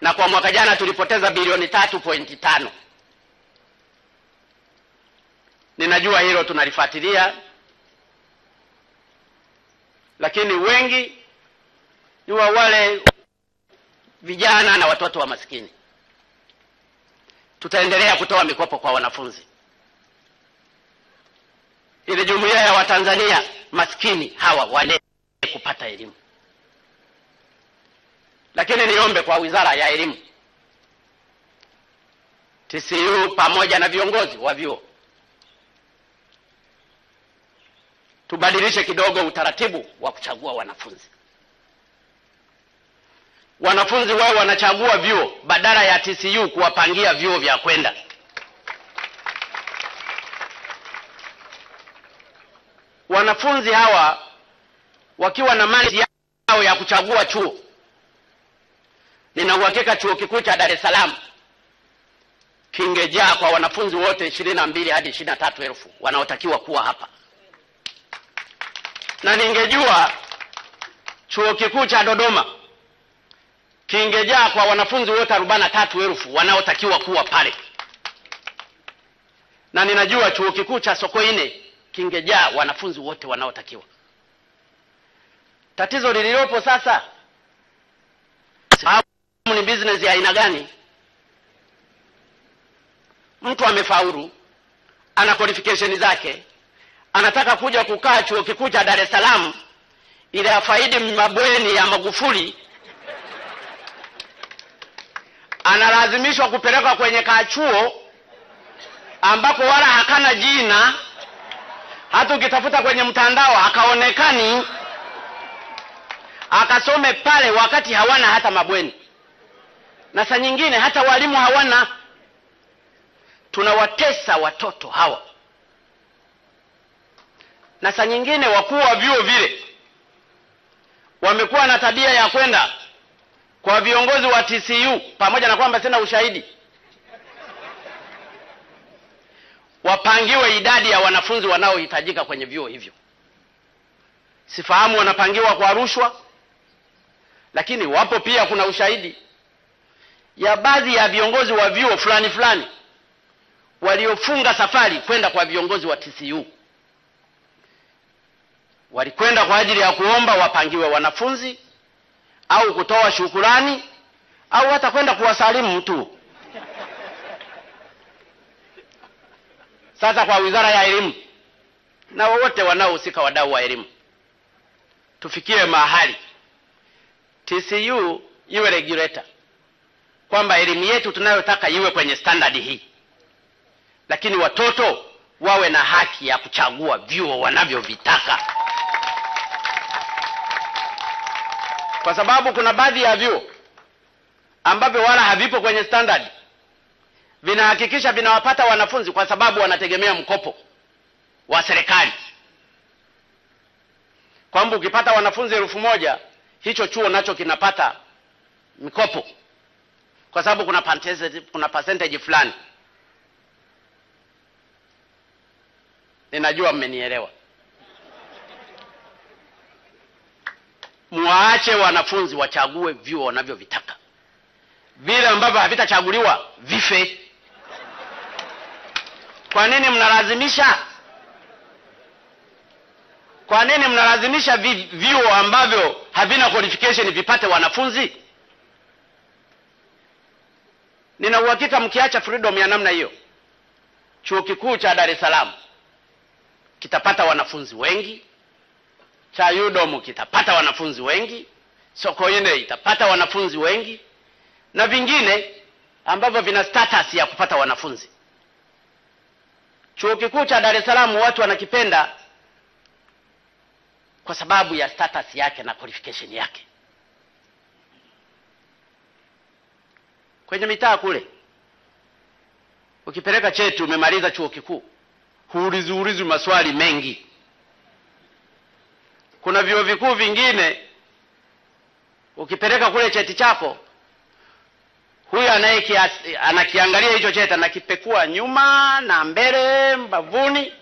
na kwa mwaka jana tulipoteza bilioni tatu pointi tano. Ninajua hilo tunalifuatilia, lakini wengi ni wa wale vijana na watoto wa maskini. Tutaendelea kutoa mikopo kwa wanafunzi ili jumuiya ya Watanzania maskini hawa walee kupata elimu. Lakini niombe kwa wizara ya elimu, TCU pamoja na viongozi wa vyuo tubadilishe kidogo utaratibu wa kuchagua wanafunzi. Wanafunzi wao wanachagua vyuo badala ya TCU kuwapangia vyuo vya kwenda. Wanafunzi hawa wakiwa na mali yao ya kuchagua chuo Nina uhakika chuo kikuu cha Dar es Salaam kingejaa kwa wanafunzi wote ishirini na mbili hadi ishirini na tatu elfu wanaotakiwa kuwa hapa, na ningejua chuo kikuu cha Dodoma kingejaa kwa wanafunzi wote arobaini na tatu elfu wanaotakiwa kuwa pale, na ninajua chuo kikuu cha Sokoine kingejaa wanafunzi wote wanaotakiwa. Tatizo lililopo sasa ni business ya aina gani? Mtu amefaulu, ana qualification zake, anataka kuja kukaa chuo kikuu cha Dar es Salaam ili afaidi mabweni ya Magufuli, analazimishwa kupelekwa kwenye kachuo ambako wala hakana jina, hata ukitafuta kwenye mtandao akaonekani akasome pale wakati hawana hata mabweni na saa nyingine hata walimu hawana. Tunawatesa watoto hawa, na saa nyingine wakuu wa vyuo vile wamekuwa na tabia ya kwenda kwa viongozi wa TCU, pamoja na kwamba sina ushahidi, wapangiwe idadi ya wanafunzi wanaohitajika kwenye vyuo hivyo. Sifahamu wanapangiwa kwa rushwa, lakini wapo pia, kuna ushahidi ya baadhi ya viongozi wa vyuo fulani fulani waliofunga safari kwenda kwa viongozi wa TCU. Walikwenda kwa ajili ya kuomba wapangiwe wanafunzi au kutoa shukurani au hata kwenda kuwasalimu tu. Sasa kwa wizara ya elimu na wote wanaohusika, wadau wa elimu, tufikie mahali TCU iwe regulator kwamba elimu yetu tunayotaka iwe kwenye standadi hii, lakini watoto wawe na haki ya kuchagua vyuo wanavyovitaka, kwa sababu kuna baadhi ya vyuo ambavyo wala havipo kwenye standadi, vinahakikisha vinawapata wanafunzi kwa sababu wanategemea mkopo wa serikali, kwamba ukipata wanafunzi elfu moja hicho chuo nacho kinapata mikopo kwa sababu kuna percentage, kuna percentage fulani. Ninajua mmenielewa. mwaache wanafunzi wachague vyuo wanavyovitaka, vile ambavyo havitachaguliwa vife. Kwa nini mnalazimisha? Kwa nini mnalazimisha vyuo ambavyo havina qualification vipate wanafunzi? Nina uhakika mkiacha freedom ya namna hiyo, chuo kikuu cha Dar es Salaam kitapata wanafunzi wengi, cha Yudom kitapata wanafunzi wengi, Sokoine itapata wanafunzi wengi, na vingine ambavyo vina status ya kupata wanafunzi. Chuo kikuu cha Dar es Salaam watu wanakipenda kwa sababu ya status yake na qualification yake. kwenye mitaa kule. Ukipeleka cheti, umemaliza chuo kikuu, huulizi ulizi maswali mengi. Kuna vyuo vikuu vingine, ukipeleka kule cheti chako, anaye anakiangalia hicho cheti anakipekua nyuma na mbele, mbavuni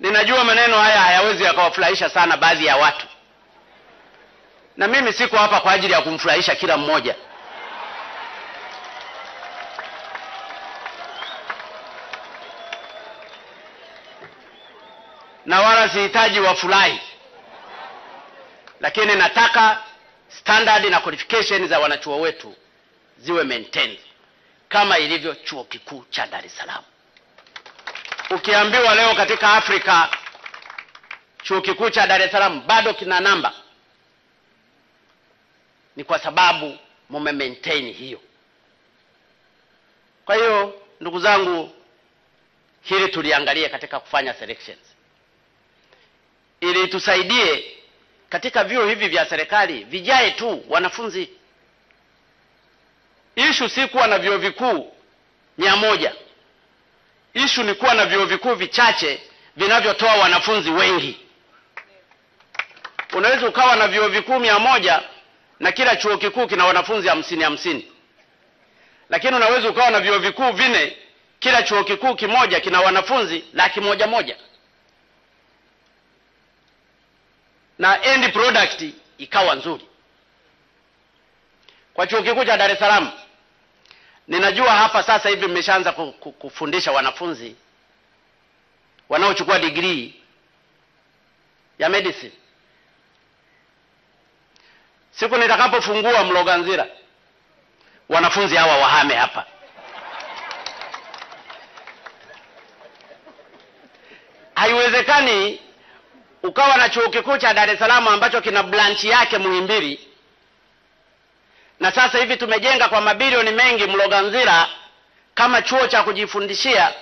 Ninajua maneno haya hayawezi yakawafurahisha sana baadhi ya watu, na mimi siko hapa kwa ajili ya kumfurahisha kila mmoja. na wala sihitaji wafurahi, lakini nataka standard na qualification za wanachuo wetu ziwe maintained kama ilivyo chuo kikuu cha Dar es Salaam. Ukiambiwa leo katika Afrika chuo kikuu cha Dar es Salaam bado kina namba, ni kwa sababu mume maintain hiyo. Kwa hiyo ndugu zangu, hili tuliangalia katika kufanya selections, ili tusaidie katika vyuo hivi vya serikali vijae tu wanafunzi. Ishu si kuwa na vyuo vikuu mia moja. Ishu ni kuwa na vyuo vikuu vichache vinavyotoa wanafunzi wengi. Unaweza ukawa na vyuo vikuu mia moja na kila chuo kikuu kina wanafunzi hamsini hamsini, lakini unaweza ukawa na vyuo vikuu vine kila chuo kikuu kimoja kina wanafunzi laki moja moja, na end product ikawa nzuri. Kwa chuo kikuu cha Dar es Salaam Ninajua hapa sasa hivi mmeshaanza kufundisha wanafunzi wanaochukua degree ya medicine. Siku nitakapofungua Mloganzira, wanafunzi hawa wahame hapa. Haiwezekani ukawa na chuo kikuu cha Dar es Salaam ambacho kina branch yake Muhimbili na sasa hivi tumejenga kwa mabilioni mengi Mloganzila kama chuo cha kujifundishia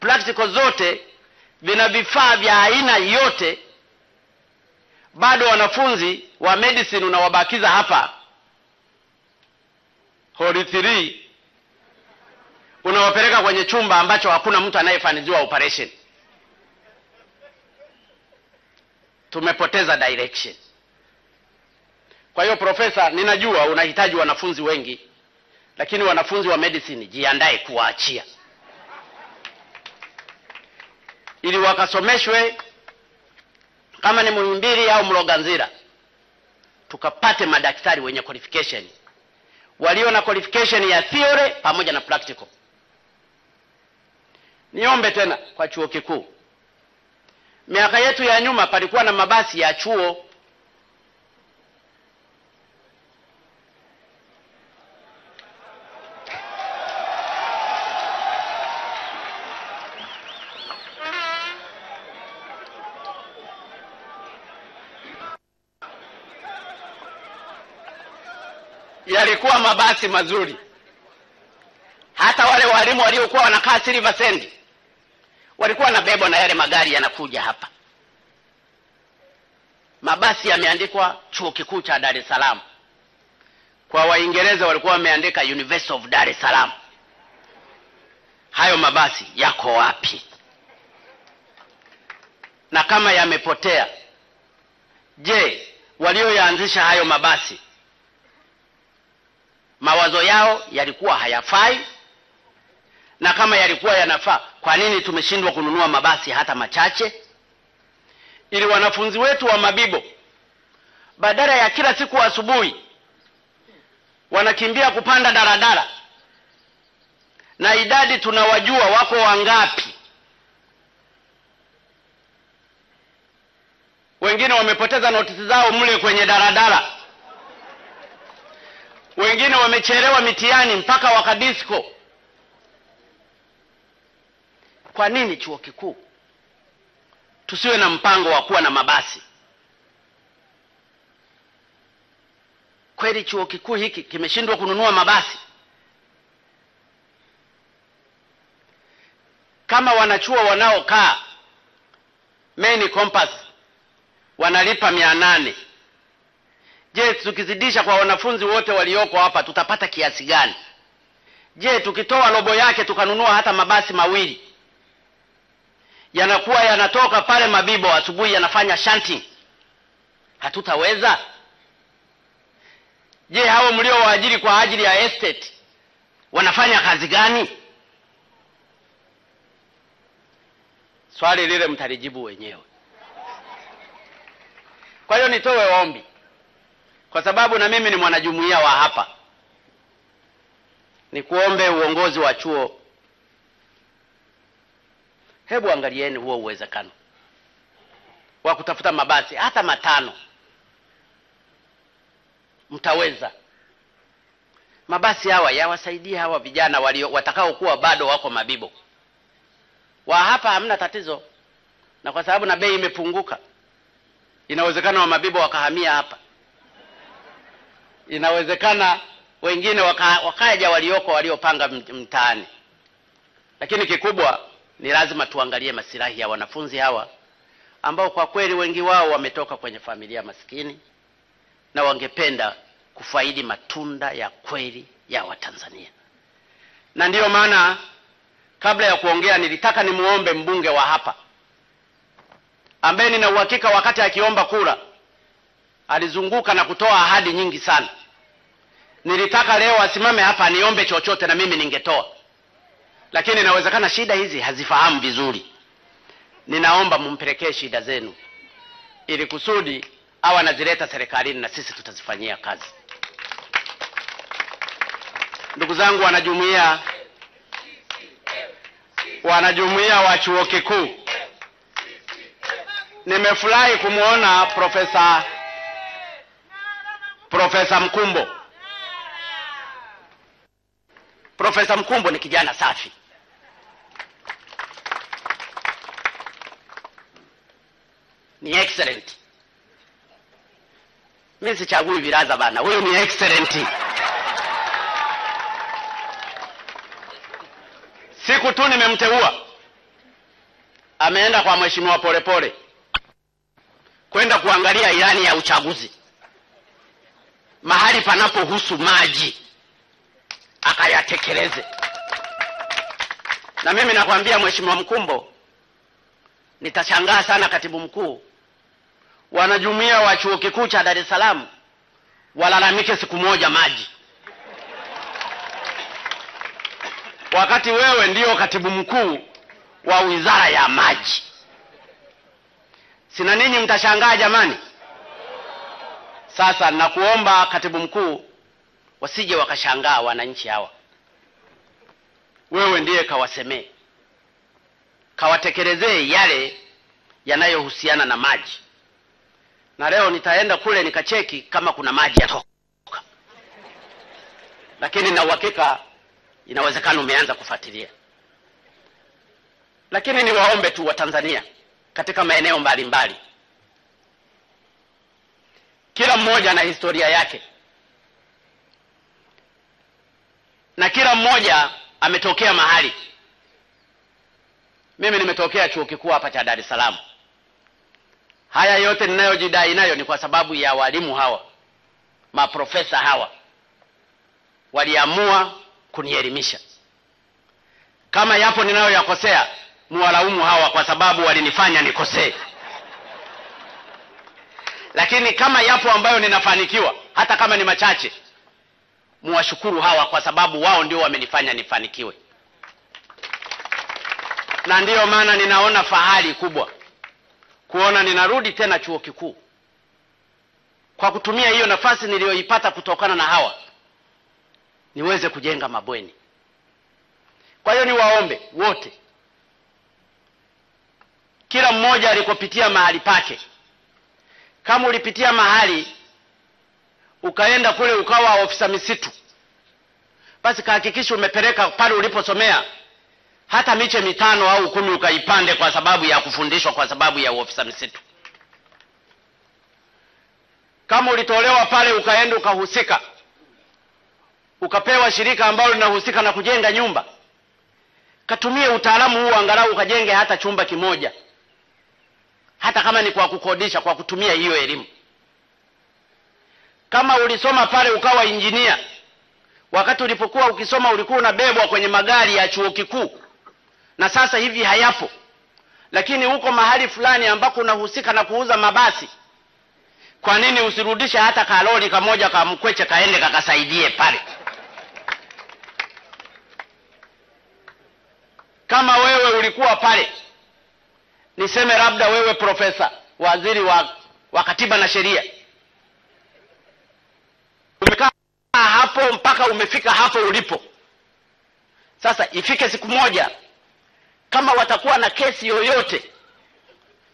practical zote, vina vifaa vya aina yote. Bado wanafunzi wa medicine unawabakiza hapa holi 3 unawapeleka kwenye chumba ambacho hakuna mtu anayefaniziwa operation. Tumepoteza direction. Kwa hiyo profesa, ninajua unahitaji wanafunzi wengi, lakini wanafunzi wa medicine jiandae kuwaachia ili wakasomeshwe kama ni Muhimbili au Mloganzira, tukapate madaktari wenye qualification walio na qualification ya theory pamoja na practical. Niombe tena kwa chuo kikuu, miaka yetu ya nyuma palikuwa na mabasi ya chuo mabasi mazuri. Hata wale walimu waliokuwa wanakaa Silver Sand walikuwa wanabebwa na yale magari yanakuja hapa. Mabasi yameandikwa chuo kikuu cha Dar es Salaam, kwa Waingereza walikuwa wameandika University of Dar es Salaam. Hayo mabasi yako wapi? Na kama yamepotea, je, walioyaanzisha hayo mabasi mawazo yao yalikuwa hayafai, na kama yalikuwa yanafaa, kwa nini tumeshindwa kununua mabasi hata machache, ili wanafunzi wetu wa Mabibo badala ya kila siku asubuhi wanakimbia kupanda daladala, na idadi tunawajua wako wangapi, wengine wamepoteza notisi zao mle kwenye daladala wengine wamechelewa mitihani mpaka wakadisco Kwa nini chuo kikuu tusiwe na mpango wa kuwa na mabasi? Kweli chuo kikuu hiki kimeshindwa kununua mabasi? Kama wanachuo wanaokaa Main Campus wanalipa mia nane Je, tukizidisha kwa wanafunzi wote walioko hapa tutapata kiasi gani? Je, tukitoa robo yake tukanunua hata mabasi mawili yanakuwa yanatoka pale Mabibo asubuhi yanafanya shanting, hatutaweza? Je, hao mliowaajiri kwa ajili ya estate wanafanya kazi gani? Swali lile mtalijibu wenyewe. Kwa hiyo nitowe ombi kwa sababu na mimi ni mwanajumuiya wa hapa. Nikuombe uongozi wa chuo, hebu angalieni huo uwezekano wa kutafuta mabasi hata matano. Mtaweza. Mabasi hawa yawasaidie hawa vijana walio watakaokuwa bado wako mabibo wa hapa, hamna tatizo, na kwa sababu na bei imepunguka, inawezekana wa mabibo wakahamia hapa inawezekana wengine waka, wakaja walioko waliopanga mtaani, lakini kikubwa ni lazima tuangalie masilahi ya wanafunzi hawa ambao kwa kweli wengi wao wametoka kwenye familia maskini na wangependa kufaidi matunda ya kweli ya Watanzania. Na ndiyo maana kabla ya kuongea, nilitaka nimuombe mbunge wa hapa ambaye nina uhakika wakati akiomba kura Alizunguka na kutoa ahadi nyingi sana. Nilitaka leo asimame hapa aniombe chochote na mimi ningetoa, lakini inawezekana shida hizi hazifahamu vizuri. Ninaomba mumpelekee shida zenu ili kusudi au anazileta serikalini na sisi tutazifanyia kazi. Ndugu zangu, wanajumuia wanajumuia wa chuo kikuu, nimefurahi kumwona Profesa Profesa Mkumbo. Profesa Mkumbo ni kijana safi. Ni excellent. Mimi sichagui viraza bana. Huyu ni excellent. Siku tu nimemteua ameenda kwa mheshimiwa Polepole kwenda kuangalia ilani ya uchaguzi mahali panapohusu maji akayatekeleze. Na mimi nakwambia Mheshimiwa Mkumbo, nitashangaa sana katibu mkuu, wanajumuia wa chuo kikuu cha Dar es Salaam walalamike siku moja maji, wakati wewe ndio katibu mkuu wa wizara ya maji. Sina ninyi mtashangaa jamani. Sasa nakuomba katibu mkuu, wasije wakashangaa wananchi hawa, wewe ndiye kawasemee, kawatekelezee yale yanayohusiana na maji, na leo nitaenda kule nikacheki kama kuna maji yatoka, lakini na uhakika inawezekana umeanza kufuatilia. Lakini niwaombe tu Watanzania katika maeneo mbalimbali kila mmoja na historia yake, na kila mmoja ametokea mahali. Mimi nimetokea chuo kikuu hapa cha Dar es Salaam. Haya yote ninayojidai nayo ni kwa sababu ya walimu hawa, maprofesa hawa waliamua kunielimisha. Kama yapo ninayoyakosea, muwalaumu hawa, kwa sababu walinifanya nikosee lakini kama yapo ambayo ninafanikiwa, hata kama ni machache, muwashukuru hawa, kwa sababu wao ndio wamenifanya nifanikiwe, na ndiyo maana ninaona fahari kubwa kuona ninarudi tena chuo kikuu kwa kutumia hiyo nafasi niliyoipata kutokana na hawa niweze kujenga mabweni. Kwa hiyo niwaombe wote, kila mmoja alikopitia mahali pake kama ulipitia mahali ukaenda kule ukawa ofisa misitu, basi kahakikisha umepeleka pale uliposomea hata miche mitano au kumi ukaipande, kwa sababu ya kufundishwa, kwa sababu ya ofisa misitu. Kama ulitolewa pale ukaenda ukahusika, ukapewa shirika ambalo linahusika na kujenga nyumba, katumie utaalamu huu angalau ukajenge hata chumba kimoja hata kama ni kwa kukodisha, kwa kutumia hiyo elimu. Kama ulisoma pale ukawa injinia, wakati ulipokuwa ukisoma ulikuwa unabebwa kwenye magari ya chuo kikuu, na sasa hivi hayapo, lakini uko mahali fulani ambako unahusika na kuuza mabasi. Kwa nini usirudishe hata kaloli kamoja kamkweche kaende kakasaidie pale? Kama wewe ulikuwa pale niseme labda wewe profesa, waziri wa, wa katiba na sheria, umekaa hapo mpaka umefika hapo ulipo sasa. Ifike siku moja kama watakuwa na kesi yoyote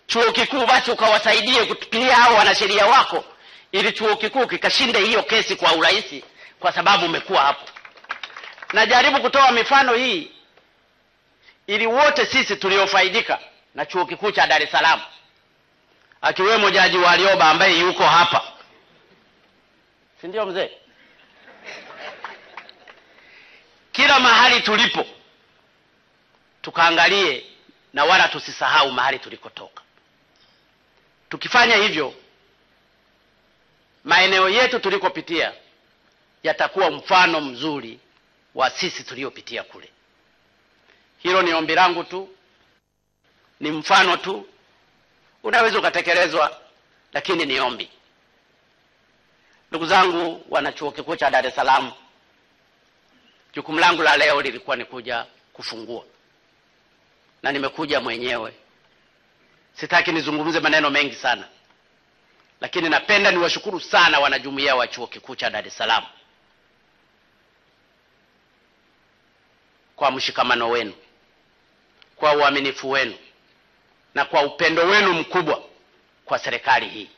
chuo kikuu, basi ukawasaidie kutupilia hao wanasheria wako, ili chuo kikuu kikashinde hiyo kesi kwa urahisi, kwa sababu umekuwa hapo. Najaribu kutoa mifano hii ili wote sisi tuliofaidika na chuo kikuu cha Dar es Salaam, akiwemo Jaji Warioba ambaye yuko hapa, si ndio mzee? Kila mahali tulipo tukaangalie na wala tusisahau mahali tulikotoka. Tukifanya hivyo, maeneo yetu tulikopitia yatakuwa mfano mzuri wa sisi tuliopitia kule. Hilo ni ombi langu tu ni mfano tu, unaweza ukatekelezwa, lakini ni ombi. Ndugu zangu wana chuo kikuu cha Dar es Salaam, jukumu langu la leo lilikuwa ni kuja kufungua na nimekuja mwenyewe. Sitaki nizungumze maneno mengi sana, lakini napenda niwashukuru sana wanajumuia wa chuo kikuu cha Dar es Salaam kwa mshikamano wenu, kwa uaminifu wenu na kwa upendo wenu mkubwa kwa serikali hii,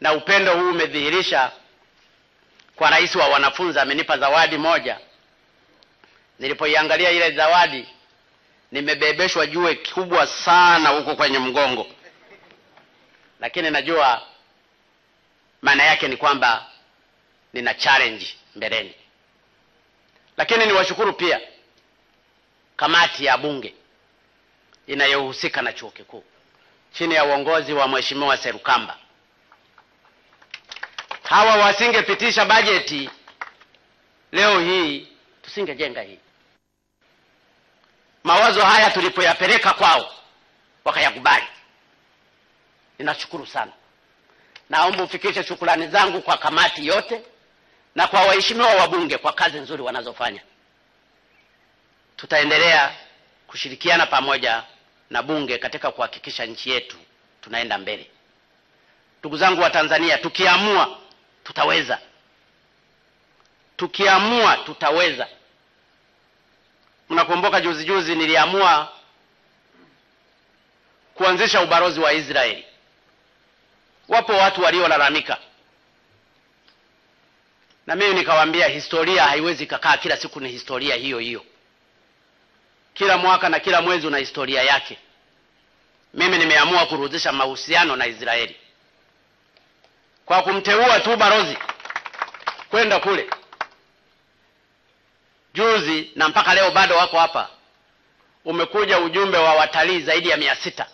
na upendo huu umedhihirisha kwa rais wa wanafunzi. Amenipa zawadi moja, nilipoiangalia ile zawadi nimebebeshwa jiwe kubwa sana huko kwenye mgongo, lakini najua maana yake ni kwamba nina challenge mbeleni. Lakini niwashukuru pia kamati ya Bunge inayohusika na chuo kikuu chini ya uongozi wa Mheshimiwa Serukamba. Hawa wasingepitisha bajeti leo hii, tusingejenga hii. Mawazo haya tulipoyapeleka kwao, wakayakubali. Ninashukuru sana. Naomba ufikishe shukrani zangu kwa kamati yote na kwa waheshimiwa wabunge kwa kazi nzuri wanazofanya. Tutaendelea kushirikiana pamoja na bunge katika kuhakikisha nchi yetu tunaenda mbele. Ndugu zangu wa Tanzania, tukiamua tutaweza, tukiamua tutaweza. Mnakumbuka juzi juzi niliamua kuanzisha ubalozi wa Israeli. Wapo watu waliolalamika, na mimi nikawaambia historia haiwezi kakaa kila siku ni historia hiyo hiyo, kila mwaka na kila mwezi una historia yake mimi nimeamua kurudisha mahusiano na Israeli kwa kumteua tu balozi kwenda kule juzi, na mpaka leo bado wako hapa. Umekuja ujumbe wa watalii zaidi ya mia sita.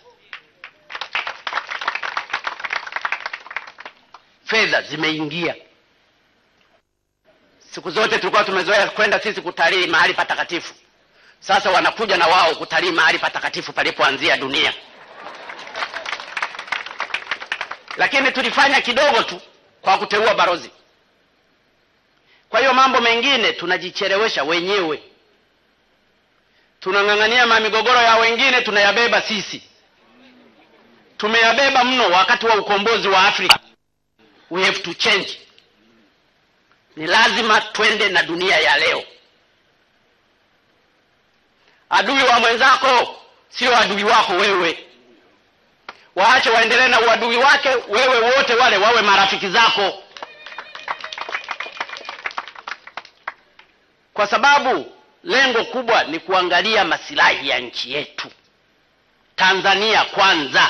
Fedha zimeingia. Siku zote tulikuwa tumezoea kwenda sisi kutalii mahali patakatifu, sasa wanakuja na wao kutalii mahali patakatifu palipoanzia dunia lakini tulifanya kidogo tu kwa kuteua barozi Kwa hiyo mambo mengine tunajichelewesha wenyewe, tunang'ang'ania mamigogoro ya wengine, tunayabeba sisi. Tumeyabeba mno wakati wa ukombozi wa Afrika. We have to change, ni lazima twende na dunia ya leo. Adui wa mwenzako sio adui wako wewe waache waendelee na uadui wake, wewe wote wale wawe marafiki zako, kwa sababu lengo kubwa ni kuangalia masilahi ya nchi yetu Tanzania kwanza.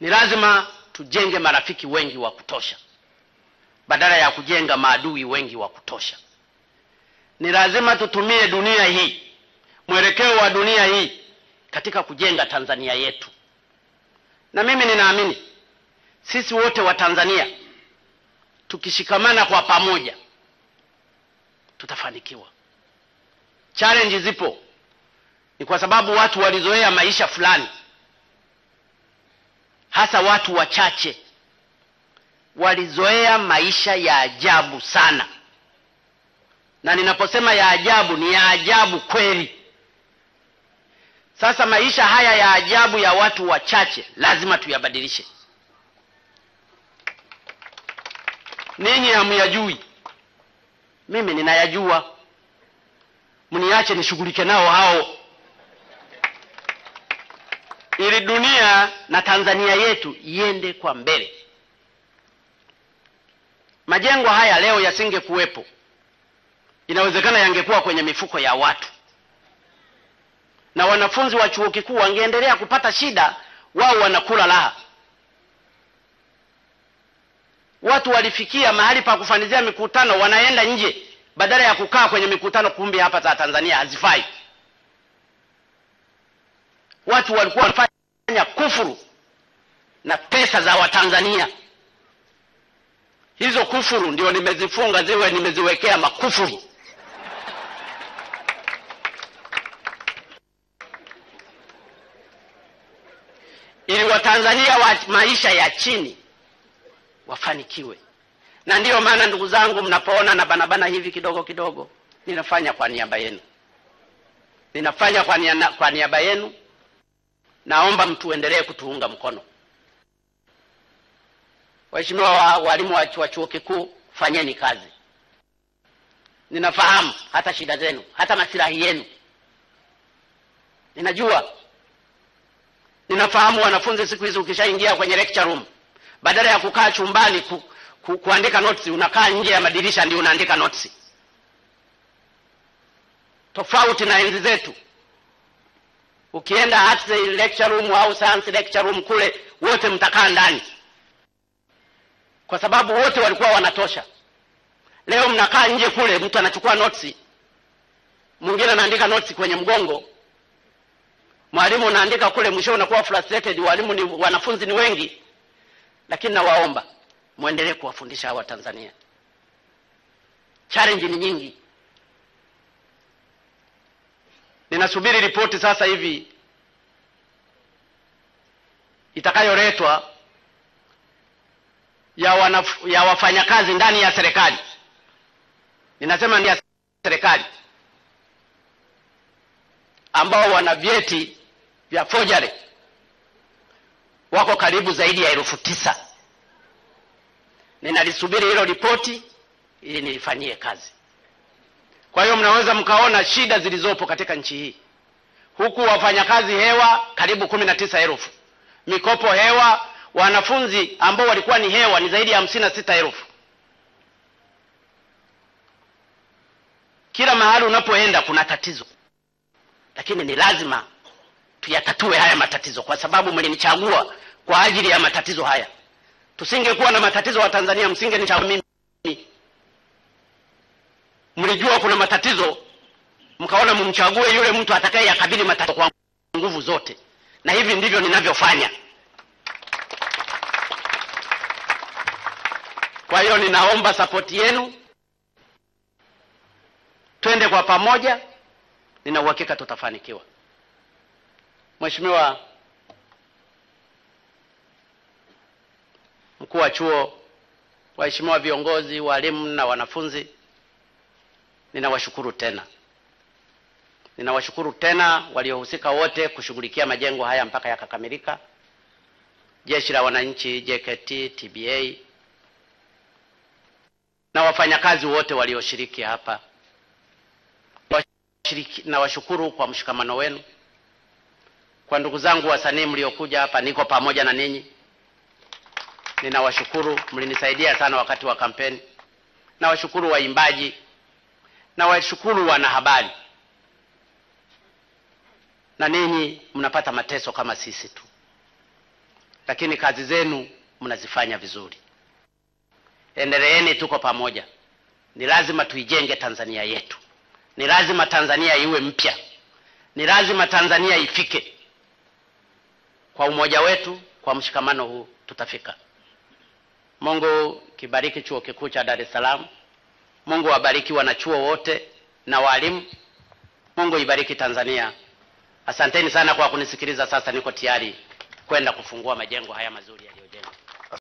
Ni lazima tujenge marafiki wengi wa kutosha badala ya kujenga maadui wengi wa kutosha. Ni lazima tutumie dunia hii, mwelekeo wa dunia hii katika kujenga Tanzania yetu, na mimi ninaamini sisi wote wa Tanzania tukishikamana kwa pamoja tutafanikiwa. Challenge zipo, ni kwa sababu watu walizoea maisha fulani, hasa watu wachache walizoea maisha ya ajabu sana, na ninaposema ya ajabu ni ya ajabu kweli. Sasa maisha haya ya ajabu ya watu wachache lazima tuyabadilishe. Ninyi hamyajui, mimi ninayajua. Mniache nishughulike nao hao, ili dunia na Tanzania yetu iende kwa mbele. Majengo haya leo yasingekuwepo, inawezekana yangekuwa kwenye mifuko ya watu na wanafunzi wa chuo kikuu wangeendelea kupata shida, wao wanakula raha. Watu walifikia mahali pa kufanizia mikutano, wanaenda nje badala ya kukaa kwenye mikutano kumbi hapa za Tanzania hazifai. Watu walikuwa wanafanya kufuru na pesa za Watanzania. Hizo kufuru ndio nimezifunga ziwe nimeziwekea makufuru. Watanzania wa maisha ya chini wafanikiwe. Na ndiyo maana ndugu zangu, mnapoona na banabana hivi kidogo kidogo, ninafanya kwa niaba yenu, ninafanya kwa niaba kwa niaba yenu. Naomba mtuendelee kutuunga mkono. Waheshimiwa walimu wa chuo kikuu, fanyeni kazi. Ninafahamu hata shida zenu, hata masilahi yenu ninajua. Ninafahamu wanafunzi siku hizi ukishaingia kwenye lecture room, badala ya kukaa chumbani ku, ku, kuandika notes, unakaa nje ya madirisha ndio unaandika notes, tofauti na enzi zetu. Ukienda arts lecture room au science lecture room kule, wote mtakaa ndani, kwa sababu wote walikuwa wanatosha. Leo mnakaa nje kule, mtu anachukua notes, mwingine anaandika notes kwenye mgongo mwalimu unaandika kule, mwisho unakuwa frustrated, walimu ni wanafunzi ni wengi. Lakini nawaomba mwendelee kuwafundisha hawa Tanzania, challenge ni nyingi. Ninasubiri ripoti sasa hivi itakayoletwa ya, wanaf ya wafanyakazi ndani ya serikali. Ninasema ni ya serikali ambao wana vyeti vya fojare wako karibu zaidi ya elfu tisa. Ninalisubiri hilo ripoti ili nilifanyie kazi. Kwa hiyo mnaweza mkaona shida zilizopo katika nchi hii, huku wafanyakazi hewa karibu kumi na tisa elfu, mikopo hewa, wanafunzi ambao walikuwa ni hewa ni zaidi ya hamsini na sita elfu. Kila mahali unapoenda kuna tatizo, lakini ni lazima tuyatatue haya matatizo, kwa sababu mlinichagua kwa ajili ya matatizo haya. Tusingekuwa na matatizo wa Tanzania, msingenichagua mimi. Mlijua kuna matatizo, mkaona mumchague yule mtu atakaye yakabili matatizo kwa nguvu zote, na hivi ndivyo ninavyofanya. Kwa hiyo ninaomba sapoti yenu, twende kwa pamoja, nina uhakika tutafanikiwa. Mheshimiwa mkuu wa chuo, waheshimiwa viongozi, walimu na wanafunzi, ninawashukuru tena, ninawashukuru tena waliohusika wote kushughulikia majengo haya mpaka yakakamilika, Jeshi la Wananchi, JKT, TBA na wafanyakazi wote walioshiriki hapa, na washukuru kwa mshikamano wenu. Kwa ndugu zangu wasanii mliokuja hapa, niko pamoja na ninyi, ninawashukuru, mlinisaidia sana wakati wa kampeni. Nawashukuru waimbaji, nawashukuru wanahabari, na ninyi mnapata mateso kama sisi tu, lakini kazi zenu mnazifanya vizuri. Endeleeni, tuko pamoja. Ni lazima tuijenge Tanzania yetu, ni lazima Tanzania iwe mpya, ni lazima Tanzania ifike kwa umoja wetu, kwa mshikamano huu tutafika. Mungu kibariki chuo kikuu cha Dar es Salaam. Mungu wabariki wanachuo wote na walimu. Mungu ibariki Tanzania. Asanteni sana kwa kunisikiliza. Sasa niko tayari kwenda kufungua majengo haya mazuri yaliyojengwa.